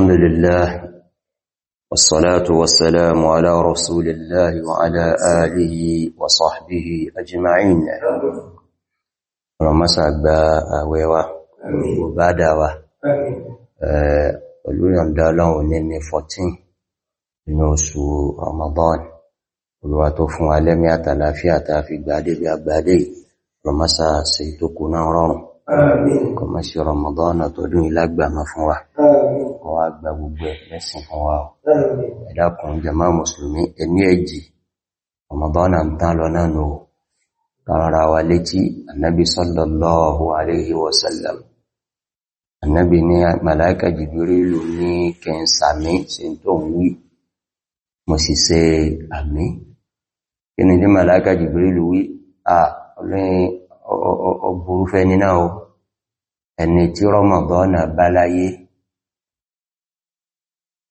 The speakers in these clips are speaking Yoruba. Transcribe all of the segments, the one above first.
الحمد لله والصلاة والسلام على رسول الله وعلى آله وصحبه أجمعين رمسا بأويوة وبادوة olóyàn dáláwò ní ní 14 inú oṣù Ramadan olúwa tó fún alẹ́mí àtàláfíà ta fi gbádé bí agbádé rọmọ́sá sí tó kú náà rọrùn kọmọ́sí Ramadan tọdún ilágbàmọ́ fún wa kan wá gba gbogbo ẹ̀ lẹ́sìn fún wa ẹ dákun jàmá mùsùlùmí ẹ̀mí ẹ̀jì ọmọbọ́nà ń tán lọ náà nù kára wa létí annabi sallallahu alaihi wasallam annabi ni malaika jibrilu ní kẹnsàmí sí tó ń wí mo sì ṣe àmì kí ni tí malaika jibrilu wí à ọlọ́yìn ọgbọ̀rúfẹ́ nínà ẹni tí rọmọbọ́nà bá láyé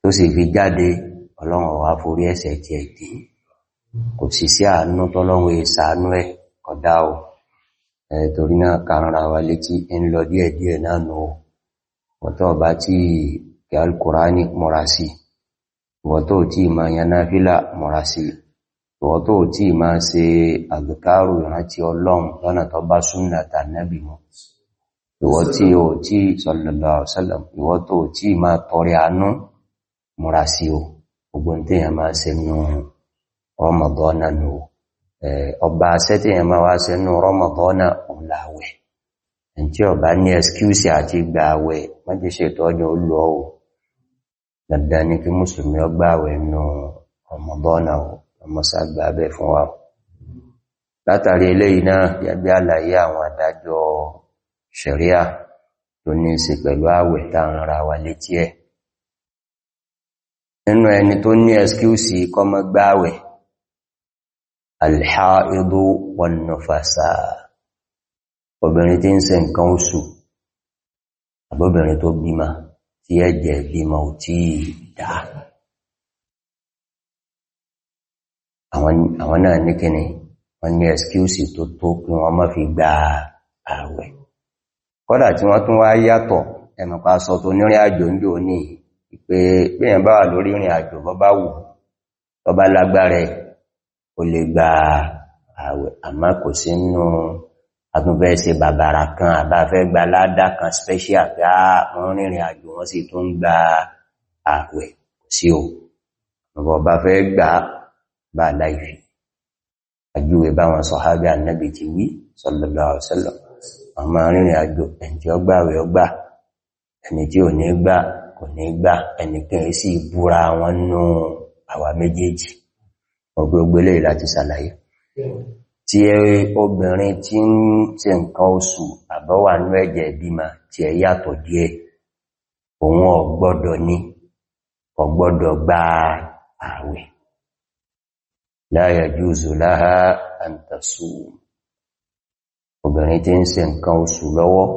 tó sì fi jáde ọlọ́run ọ̀wà forí ẹ̀ṣẹ̀ ti ẹ̀dì kò sì sí àánú tọ́lọ́run ìsàánú ẹ̀ ọ̀dá o torí náà kàrànra wa létí ń lọ díẹ̀ díẹ̀ náà o wọ́tọ̀ bá tí kí alkùránì mọ́ra sí wọ́tọ̀ tí ma yanáfílà mọ́ra sí wọ́tọ̀ tí ma ṣe àgbẹ̀kárù ìrántí ọlọ́run lọ́nà tó bá súnnà tànẹ́bì mọ́ ìwọ́tí ò tí sallallahu alaihi wasallam ìwọ́tọ̀ tí ma tọrẹ àánú múra sí o gbogbo tí èyàn máa ṣe nú rọmọdọ́nà nù ọba aṣẹ́ tí èyàn máa wá ṣe nú rọmọdọ́nà òun láwẹ̀ tí ọba ní ẹskúsì àti gba àwẹ̀ mọ́jẹ́ ṣètò ọjọ́ olú ọwọ́ dandan ní kí mùsùlùmí ọgbà àwẹ̀ nú rọmọdọ́nà fún wa látàrí eléyìí náà yàgbé àlàyé àwọn adájọ́ ṣẹ̀ríà tó ní í pẹ̀lú àwẹ̀ táwọn ara wa létí ẹ̀ nínú ẹni tó ní ẹskíùsì kọmọ gbáwẹ̀ alhaidu wannafasa obìnrin tí ń ṣe nǹkan oṣù àbóbìnrin tó bímá tí ẹ̀jẹ̀ bímá ò tí dá àwọn náà ní kíni wọ́n ní ẹskíùsì tó tó kí wọ́n má fi gba ààwẹ̀ kódà tí wọ́n tún wá yàtọ̀ ẹ̀mọ̀pá tó nírìn àjò ń jò níyìí ìpé pèyàn bá wà lórí ìrìn àjò bọ́ bá wù tó bá lágbára o lè gba àwẹ̀ àmá kò sí nínú àtúnfẹ́ bàbàrà kan àbáfẹ́ gba ládá kan special pé á wọ́n rìnrìn àjò wọ́n sì tún gba àwẹ̀ sí o ọ̀bọ̀ bá fẹ́ gbà bá láìfi àjúwe báwọn sọ̀hábí ànábì ti wí sallallahu alaihi wasallam àmá rìnrìn àjò ẹ̀ǹtí ọgbà ẹni tí ò ní gbà kò ní gbà ẹnìkan sí búra wọn nú àwa méjèèjì ọgbẹ́gbẹ́lẹ̀ láti ṣàlàyé tí obìnrin tí ń ṣe nǹkan oṣù àbọ́wà ní ẹ̀jẹ̀ ìbímọ tí ẹ yàtọ̀ díẹ̀ òun ọgbọ́dọ̀ ní ọgbọ́dọ̀ gba ààwẹ̀ la yajuzu laha an tasum obìnrin tí ń ṣe nǹkan oṣù lọ́wọ́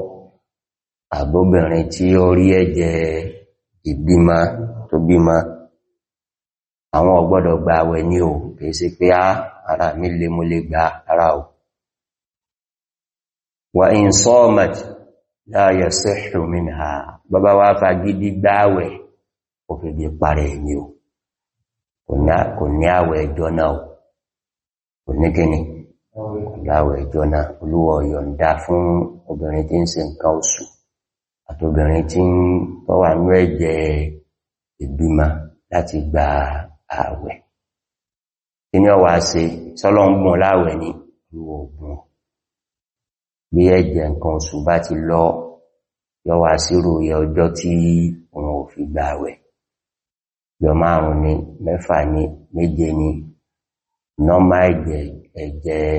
àbóbìnrin tí ó rí ẹ̀jẹ̀ ìbímọ tó bímọ àwọn ọgbọ́dọ̀ gba àwẹ̀ ní o kìí sí pé ara mi lè mú lè gba ara o wà in sọ́ọ̀mọ̀t láyẹ̀ sẹ́ṣù mìnà bàbá wá fagídí gbáwẹ̀ òfìdí parẹ̀ ní o kò ní àwẹ̀ ẹjọ́ náà kò ní kíni láwẹ̀ ẹjọ́ náà olúwọ̀ yọ̀ǹda fún obìnrin tí ń ṣe nǹkan oṣù àtòbìnrin tí ń tọ́wà ní ẹ̀jẹ̀ ìbímọ láti gba ààwẹ̀ tí ní ọwà ṣe sọ́lọ́ ń gbọ́n láàwẹ̀ ní ìwọ̀ ògbọ́n bí ẹ̀jẹ̀ nǹkan oṣù bá ti lọ yọwà sírò yẹ ọjọ́ tí òun ò fi gba ààwẹ̀ yọ márùn ni mẹ́fà ni méje ni nọ́mà ẹ̀jẹ̀ ẹ̀jẹ̀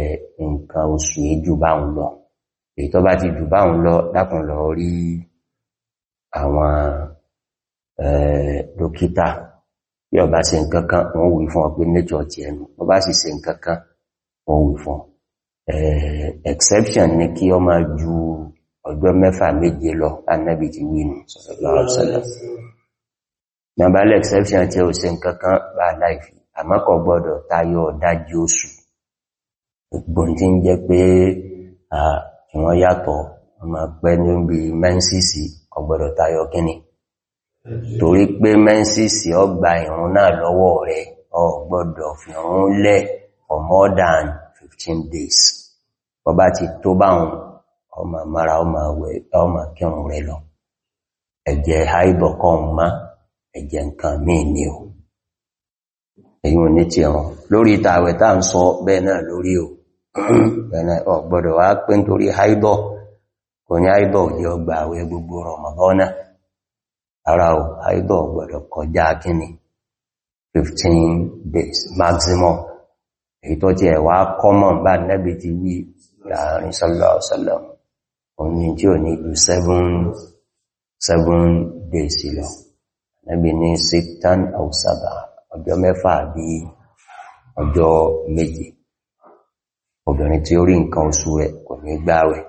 nǹkan oṣù èjù báhùn lọ èyí tó bá ti jù báhùn lọ dákùn lọ rí àwọn dókítà bí ọba ṣe nǹkankan wọ́n wí fún ọgbé nẹ́jọ ti ẹnu ọba sì ṣe nǹkankan wọ́n wí fún exception ni kí ọ máa ju ọjọ́ mẹ́fà méje lọ annabi ti wí nù nàbálẹ̀ exception tí ó ṣe nǹkankan bá láìfi àmọ́kọ̀ gbọ́dọ̀ tayọ ọ̀dájí oṣù gbogbo tí ń jẹ́ pé àwọn yàtọ̀ ọmọ pẹ́ ní bí mẹ́ńsìsì ọgbọ̀dọ̀ tayọ kíni torí pé mẹ́sìsì ọgbà ìrun náà lọ́wọ́ rẹ̀ ọgbọ̀dọ̀ fi rún lẹ̀ for more than 15 days bọ́bá ti tó báhùn ọmọ mara ọmọ kírun rẹ̀ lọ ẹ̀jẹ̀ haibọ̀ kan má ẹ̀jẹ̀ nǹkan míì ní o èyí ò ní ti ẹ̀wọ̀n lórí ìtàwẹ̀ tá ń sọ bẹ́ẹ̀ náà lórí o bẹ́ẹ̀ náà ọgbọ̀dọ̀ wá pé nítorí haibọ̀ kò ní àìbọ̀ òjẹ́ ọgbà àwẹ̀ gbogbo rọmọbọ́nà ara ò àìbọ̀ gbọ́dọ̀ kọjá kíni 15 days maximum èyí tó ti ẹ̀wà common bá nẹ́bí ti wí láàrin sọ́lọ́sọ́lọ́ òní tí ò ní ju 7 days lọ nẹ́bí ní 6 or 7 ọjọ́ mẹ́fà bí ọjọ́ méje obìnrin tí ó rí nǹkan oṣù rẹ̀ kò ní gbáwẹ̀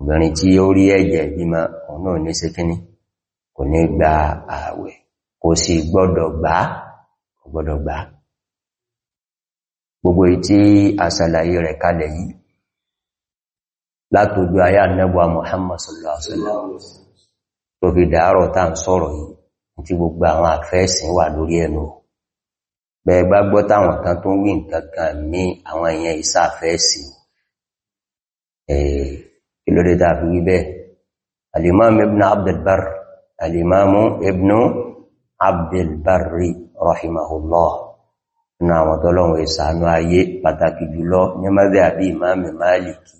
obìnrin tí ó rí ẹ̀jẹ̀ bímọ ọ̀nà ní ṣe kíní kò ní gba ààwẹ̀ kò sì gbọ́dọ̀ gbà gbọ́dọ̀ gbà gbogbo ìtí àṣàlàyé rẹ̀ kalẹ̀ yìí látòjú ayá nẹ́bùa Muhammad sallallahu alaihi wasallam tó fi dàárọ̀ tá ń sọ̀rọ̀ yìí tí gbogbo àwọn àfẹ́ẹ̀sìn wà lórí ẹnu bẹ́ẹ̀ bá gbọ́ táwọn kan tó ń wí nǹkan kan ní àwọn èèyàn ìsáfẹ́ẹ̀sìn eh, kí ló dé tàà fi wí bẹ́ẹ̀ alìmáàmù ibn abdulbar alìmáàmù ibn abdulbarri rahimahullah ní àwọn tọ́lọ́wọ́ ìsànú ayé pàtàkì jùlọ ní mẹ́bẹ̀ àbí ìmáàmù máàlìkì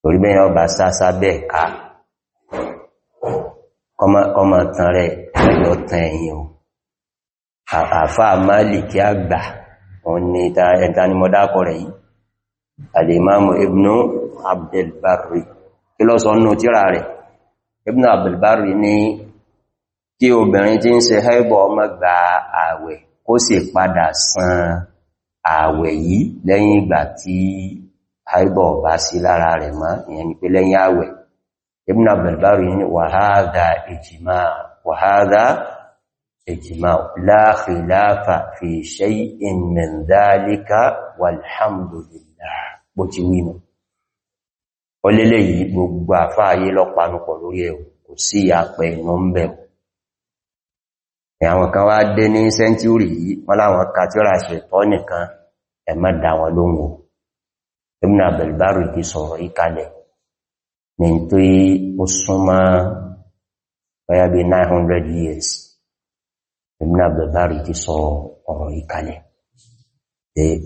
torí bẹ́yàn ọba sásá bẹ́ẹ̀ ká ọmọ tán rẹ̀ ẹ̀yọ tán ẹ̀yìn o àfáà máàlìkì àgbà òun ni ẹ̀ta ni mọ́dákọ̀ rẹ̀ yìí alìmáàmù ibnu abdelbarri kí ló sọ nínú tírà rẹ̀ ibnu abdelbarri ní kí obìnrin tí ń ṣe haibọ̀ ọmọ gba ààwẹ̀ kó sì padà san ààwẹ̀ yìí lẹ́yìn ìgbà tí haibọ̀ bá sí lára rẹ̀ mọ́ ìyẹn ni pé lẹ́yìn ààwẹ̀ ibnu abdelbarri ní wàhádà ìjìmá wàhádà ìjìmá la fi shay'in min dhalika walhamdulillah bó ti wí mú ọlẹ́lẹ̀ yìí gbogbo àfáàyé lọ́panupọ̀ lórí ẹ̀ kò sí àpẹ ìmọ̀ ń bẹ̀ àwọn kan wá dé ní sẹ́ńtúrì yìí wọ́n láwọn ka tí ó rà ṣètọ́ nìkan ẹ̀mọ́ dá wọn lóhùn Ibn ti years Ibn Abdul Bari ti sọ ọ̀rọ̀ yìí kalẹ̀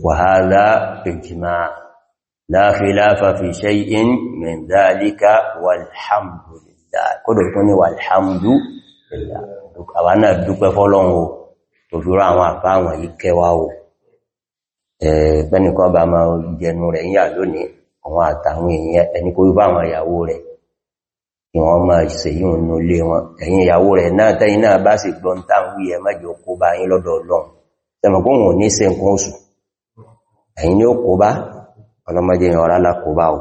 wa la khilafa fi shay'in min dhalika walhamdulillah kódò fún ní walhamdulillah àwa náà dúpẹ́ fọ́lọ́run o tó fi rá àwọn àpá àwọn yìí kẹwa o ẹ̀ẹ́pẹ́nìkan bá máa jẹnu rẹ̀ yà lónìí àwọn àtàwọn èèyàn ẹni kó bá àwọn ìyàwó rẹ̀ kí wọ́n máa ṣe yíò nú lé wọn ẹ̀yin ìyàwó rẹ̀ náà tẹ́yìn náà bá sì gbọ́n táwọn wí mẹ́jọ kó bá ọlọ́mọdé yàn ọ̀rá lákòóbá ò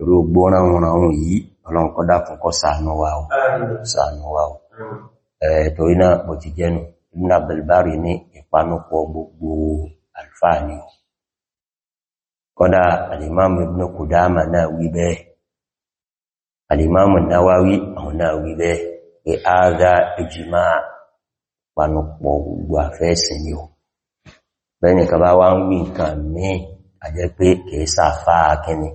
irú gbóná ránrun yìí ọlọ́run kọ́ dákùn kọ́ sàánú wa ò sàánú wa ò torí náà bò ti jẹ́nu ibn abdulbari ní ìpanúpọ̀ gbogbo àlùfáà ni ò kọ́dá alìmáàmù ibn kùdáàmà náà wí bẹ́ẹ̀ alìmáàmù náwáwí àwọn náà wí bẹ́ẹ̀ pé ága ìjìmá ìpanúpọ̀ gbogbo àfẹ́ẹ̀sìn ni ò bẹ́ẹ̀ nìkan bá wá ń wí nǹkan àjẹ́ pé kìí sáfá akíní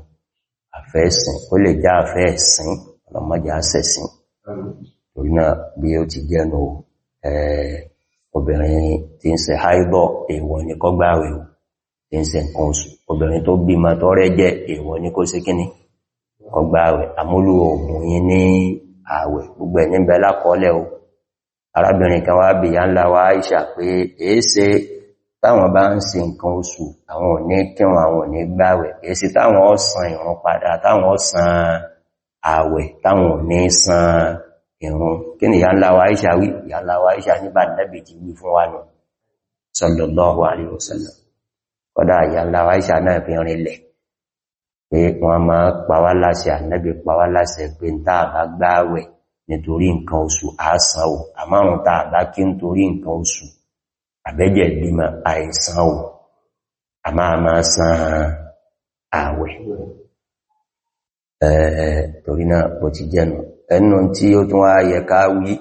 àfẹ́ẹ̀sìn kó lè já àfẹ́ẹ̀sìn ọlọ́mọdé àṣẹ̀sìn torí náà bí ó ti jẹ́nu obìnrin tí ń ṣe haibọ̀ èèwọ̀ ní kọgbàwẹ̀ tí ń ṣe nǹkan oṣù obìnrin tó bímọ tó rẹ́jẹ́ èèwọ̀ ní kó sí kíní kọgbàwẹ̀ àmúlù oògùn yín ní ààwẹ̀ gbogbo ẹ̀ níbẹ̀ lákọọ́lẹ̀ o arábìnrin kan wá bìyà ńlá pé èése táwọn bá ń ṣe nǹkan oṣù àwọn ò ní kírun àwọn ò ní gbàwẹ̀ èsì táwọn ọ̀sán ìrun padà táwọn ọ̀sán ààwẹ̀ táwọn ò ní san ìrun kí ni ìyáńlá wa Aisha wí ìyáńlá wa Aisha nígbà Nábì ti wí fún wa nù sallallahu alaihi wasallam kọ́dá ìyáńlá wa Aisha náà fi rinlẹ̀ pé wọ́n máa pàwá láṣẹ àbẹ́jẹ̀ bímọ àìsàn ò a máa máa san ààwẹ̀ ẹ̀ẹ̀ eh, torí náà bó ti jẹ́nu ẹnu tí ó tún wá yẹ ká wí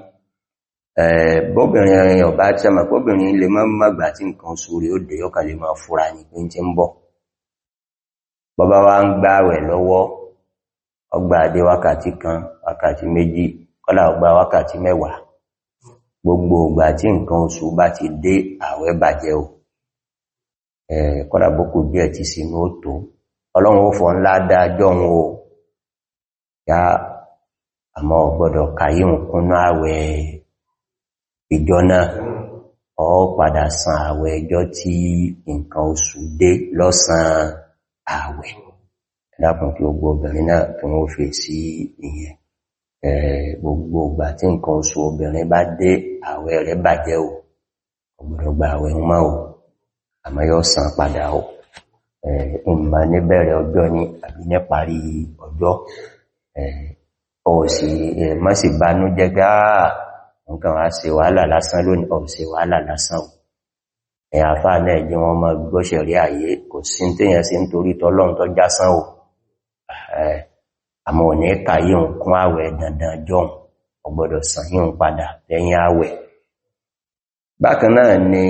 eh, bóbìnrin ọba tí a máa bóbìnrin lè máa mọ́gbà tí nǹkan sórí ó dẹ̀ yọ́kà lè máa fura ní pé tí ń bọ̀ bọ́bá wá ń gbààwẹ̀ lọ́wọ́ ọgbà adé wákàtí kan wákàtí méjì kọ́lá ọgbà wákàtí mẹ́wàá gbogbo ìgbà tí nǹkan oṣù bá ti dé àwẹ̀ bàjẹ́ o kọ́dà bókù díẹ̀ ti sínú ó tó ọlọ́run ó fọ́ ńlá dájọ́ ń o ya àmọ́ ọgbọ́dọ̀ kàyí nkúnná àwẹ̀ ìjọ náà ọ padà san àwẹ̀ ẹjọ́ tí nǹkan oṣù dé lọ́sàn àwẹ̀ ẹ̀dàkùn kí gbogbo obìnrin náà tí wọ́n fèsì ìyẹn Eh, gbogbo ìgbà tí nǹkan oṣù obìnrin bá dé àwẹ̀ rẹ̀ bàjẹ́ o ọgbọ̀dọ̀gba àwẹ̀ ọmọ o àmọ́ yóò san padà o ìmọ̀ eh, níbẹ̀rẹ̀ ọjọ́ ní àbí ní parí ọjọ́ ọ̀sì eh, mọ́sí bánú jẹ́ gáà nǹkan wá ṣe wàhálà lásán lónìí ọ̀sẹ̀ wàhálà lásán o ẹ̀yà àfáà náà jí wọn mọ́ gbọ́ṣẹ̀rí àyè kò sí tí yẹn sí nítorí tọ́lọ́run tó jásán o àmọ́ ò ní kà yíò kún àwẹ̀ dandan jọun ọgbọ́dọ̀ sàn yíò padà lẹ́yìn àwẹ̀ bákan náà ni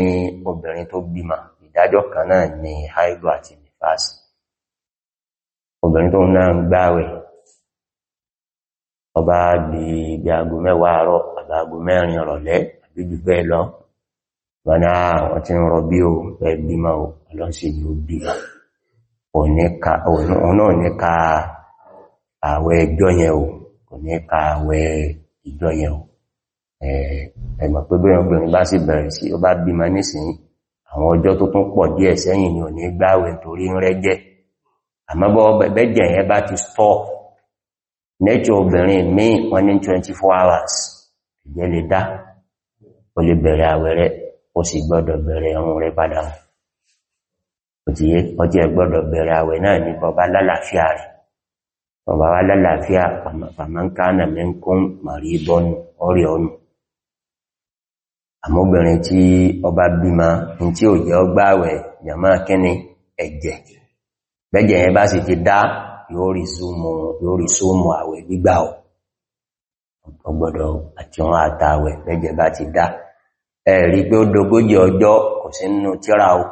obìnrin tó bímọ ìdájọ́ kan náà ni haidu àti nifasi obìnrin tó náà ń gbáwẹ̀ ọba bí ibi aago mẹ́wàá àárọ̀ àbá aago mẹ́rin ọ̀rọ̀lẹ́ àbí jù bẹ́ẹ̀ lọ bọ́nà àwọn ń rọ bí o pẹ́ bímọ ọlọ́sìn yóò bímọ òun náà ní ká àwẹ̀ ẹjọ́ yẹn o kò ní ka àwẹ̀ ìjọ yẹn o ẹ̀mọ̀ pé bí ọgbìnrin bá sì bẹ̀rẹ̀ sí ó bá bímọ nísìnyí àwọn ọjọ́ tó tún pọ̀ díẹ̀ sẹ́yìn ni ò ní gbáwẹ̀ torí ń rẹ́jẹ́ àmọ́bọ́ bẹ́jẹ̀ yẹn bá ti stọ́ nature obìnrin míì wọ́n ní 24 hours ìjẹ́ lè dá o lè bẹ̀rẹ̀ àwẹ̀ rẹ̀ o sì gbọ́dọ̀ bẹ̀rẹ̀ ẹ̀rùn rẹ̀ padà òtìyé ọjọ́ gbọ́dọ̀ bẹ̀rẹ̀ àwẹ̀ náà ní bọba lálàáfíà rẹ̀ ọba wa lálàáfíà pàmánkánà mẹ́kún màrídọ́nù ọrẹ ọnù àmóbìnrin tí ọba bímá ní tí ò jẹ́ ọgbàwẹ̀ jàmá kíní ẹ̀jẹ̀ bẹ́jẹ̀ yẹn bá sì ti dá yóò rí súnmù àwẹ̀ gbígbà ọ̀ ọgbọ̀dọ̀ àti wọn àtàwẹ̀ bẹ́jẹ̀ bá ti dá ẹ̀rí pé ó dogójì ọjọ́ kò sínú tíra ọ̀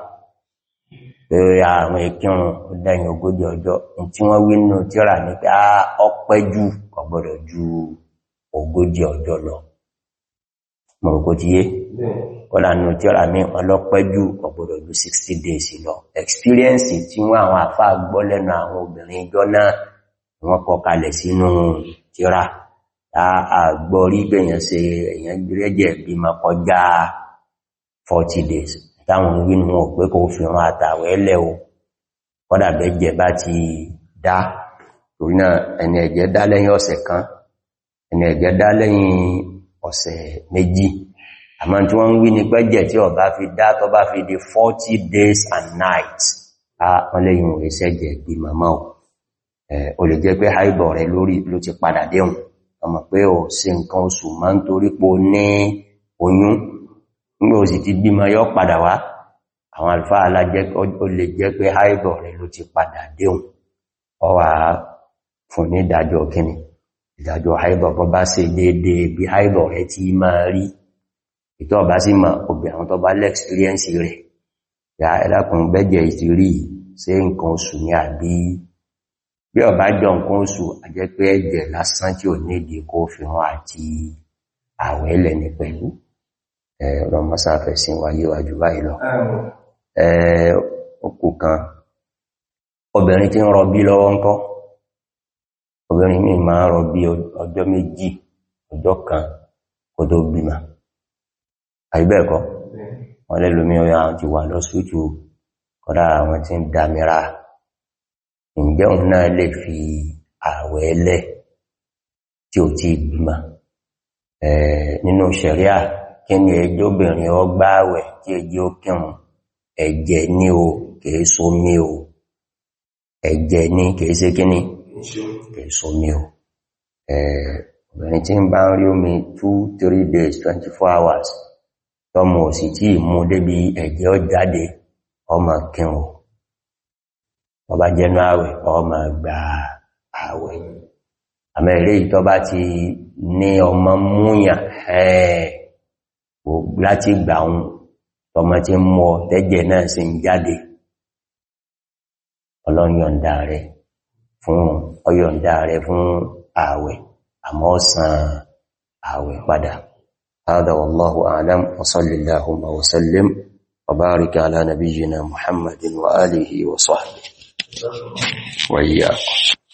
pé àwọn ìkírun lẹ́yìn ogójì ọjọ́ tí wọ́n wí nínú tíra ní pé ọpẹ́ jù ọgbọ́dọ̀ ju ogójì ọjọ́ lọ mọ̀rọ̀kó ti yé kọ́lá nínú tíra ní ọlọ́pẹ́ jù ọgbọ́dọ̀ ju 60 days lọ experience tí wọ́n àwọn àfá gbọ́ lẹ́nu àwọn obìnrin ìjọ náà wọ́n kọ kalẹ̀ sínú tíra àgbọ́rí gbẹ̀yàn se èyàn gbẹ̀rẹ́jẹ̀ bí ma kọjá 40 days táwọn wínú wọn pé kò fi ran àtàwẹ̀ ẹlẹ́ o kọ́dà bẹ́jẹ̀ bá ti dá torí náà ẹni ẹ̀jẹ̀ dá lẹ́yìn ọ̀sẹ̀ kan ẹni ẹ̀jẹ̀ dá lẹ́yìn ọ̀sẹ̀ méjì àmá tí wọ́n ń wí ní pẹ́jẹ̀ tí ọba fi dá tó bá fi di 40 days and nights a wọ́n lẹ́yìn òwe sẹ́jẹ̀ bí màmá o o lè jẹ́ pé haibọ̀ rẹ lórí ló ti padà déhùn ọmọ pé o ṣe nǹkan oṣù máa ń torípo ní oyún ní o sì ti bímọ yọ padà wá àwọn alfa alájẹ́ ó lè jẹ́ pé haibọ̀ rẹ̀ ló ti padà déhùn ọwà fún ní ìdájọ́ kíni ìdájọ́ haibọ̀ bọ́ bá ṣe dédé bí haibọ̀ rẹ̀ ti máa rí ìtọ́ bá sí ma obì àwọn tó bá lẹ́ẹ̀kìríẹ́nsì rẹ̀ ya ẹlákùn bẹ́jẹ̀ ìtìrí sí nǹkan oṣù ní àbí bí ó bá jọ nǹkan oṣù àjẹ́ pé ẹ̀jẹ̀ lásán tí ò nídìí kó fi hàn àti àwẹ́lẹ̀ ní pẹ̀lú Eh, ọlọ́mọsáfẹ́ sí wa yíwa jù báyìí lọ ọkù eh, kan obìnrin tí ń rọbí lọ́wọ́ ń kọ́ obìnrin mi máa rọbí ọjọ́ méjì ọjọ́ kan kò tó bímọ àìbẹ́ẹ̀kọ́ wọ́n lẹ́lòmí ọya ti wà lọ síútù kọ́dá àwọn tí ń dámira ǹjẹ́ òun náà lè fi ààwẹ̀ ẹlẹ́ tí ò ti bímọ eh, nínú ṣẹ̀ríà kí ni ẹjọ́ obìnrin ọgbà àwẹ̀ tí ẹjọ́ kírun ẹ̀jẹ̀ ní o kìí sómi o ẹ̀jẹ̀ ní kìí ṣe kí kìí sómi o obìnrin tí ń bá ń rí omi 2-3 days 24 hours tọmọ òsì tí mú débi ẹ̀jẹ̀ ó jáde ọmọ kírun ọba jẹnu àwẹ̀ ọmọ gbà àwẹ̀ àmẹ́rẹ́ ìtọ́ bá ti ní ọmọ múyàn ẹ̀ẹ́ láti gbà ohun tọmọ tí ń mọ́ tẹ́jẹ̀ náà sì ń jáde ọlọ́yọ̀ǹda rẹ̀ fún ọyọ̀ǹda rẹ̀ fún ààwẹ̀ àmọ́ san ààwẹ̀ padà هذا والله أعلم وصلى اللهم وسلم وبارك على نبينا محمد وآله وصحبه وإياكم